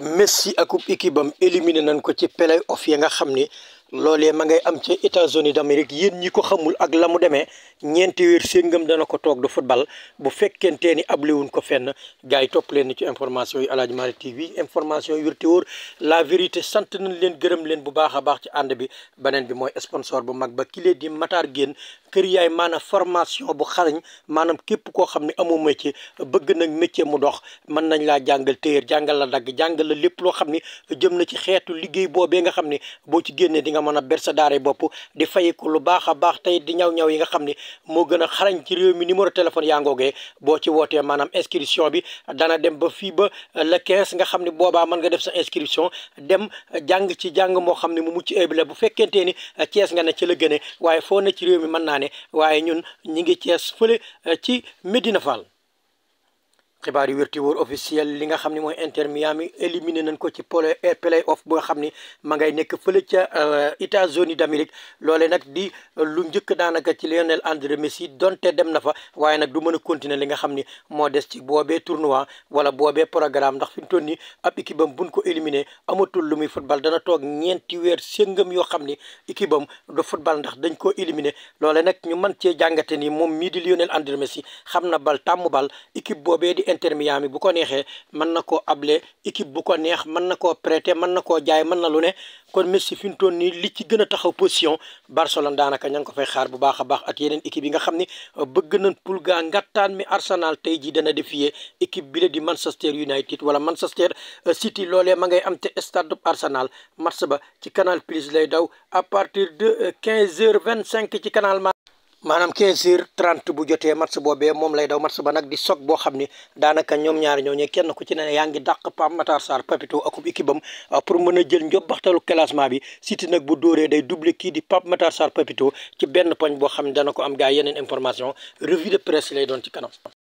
Messi akub équipe am éliminé nañ ko ci play off ya nga xam ni loolee ma ngay am ca États-Unis d'Amérique yéen ñi ko xamul ak la mu demee ñeenti weer séngam dana ko toog du football bu fekkente ni ablewuñ ko fenn gars yi topp leen ni ci information yi Aladji Malick TV information yu te wóor la vérité sant nañ leen gërëm leen bu baax a baax ci ànd bi beneen bi mooy sponsor bu mag ba kile di Matar Guène kër yaay maanaam formation bu xarañ maanaam képp koo xam ne amoo métier bëgg nag métier mu dox mën nañ laa jàngal téer jàngal la dagg jàngal la lépp loo xam ni jëm na ci xeetu liggéey boobee nga xam ni boo ci génnee di nga mën a bersa daare bopp di fay ko lu baax a baax tey di ñaw-ñaw yi nga xam ni moo gën a xarañ ci réew mi numéro téléphone yaa ngoogee boo ci wootee maanaam inscription bi dana dem ba fii ba le 15 nga xam ne boobaa man nga def sa inscription dem jàng ci jàng moo xam ne mu mucc ayib bu fekkente ni Thiès nga ne ci la gëne waaye ñun ñi ngi Cees fële eh, ci Medina Fall xibaar yu wér te li nga xam ne mooy Inter Miami éliminé nañ ko ci pole eh, play off boo xam ni ma ngay nekk fële ca eh, États-Unis d'Amérique loole nag di lu njëkk daanaka ci Lionel André Messi donte dem na fa waaye nag du mën a continuer li nga xam ni moo des ci boobee tournoi wala boobee programme ndax fi mu toll nii ab équipe am buñ ko éliminé amatul lu muy football dana toog ñeenti weer séngam yoo xam ni équipe am du football ndax dañ koo éliminé loole nag ñu mën cee jàngate ni moom mii di Lionel André xam na bal tàmm bal Inter Miami bu ko neexee mën na koo able équipe bu ko neex mën na koo prêter mën na koo jaay mën na lu ne kon Messi fi mu toll nii li ci gën a taxaw position Barcelone daanaka ña fay xaar bu baax a baax ak yeneen équipe yi euh, la di Manchester United wala Manchester euh, City loolee ma ngay am te stade Arsenal match ba ci Canal Plus lay daw à partir de 15h25 euh, ci canal. maanaam 15 heures 30 bu jotee match boobee moom lay daw match ba nag di soog boo xam ni daanaka ñoom ñaari ñooñu kenn ku ci ne yaa ngi dàq Pape Matar a Papito akub équipe am euh, pour mën a jël njobbaxtalu classement bi City nag bu dóoree day double kii di Pape Matar Sarr Papito ci benn poñ boo xam ne dana ko am gaa yeneen information revue de presse lay doon ci kanam.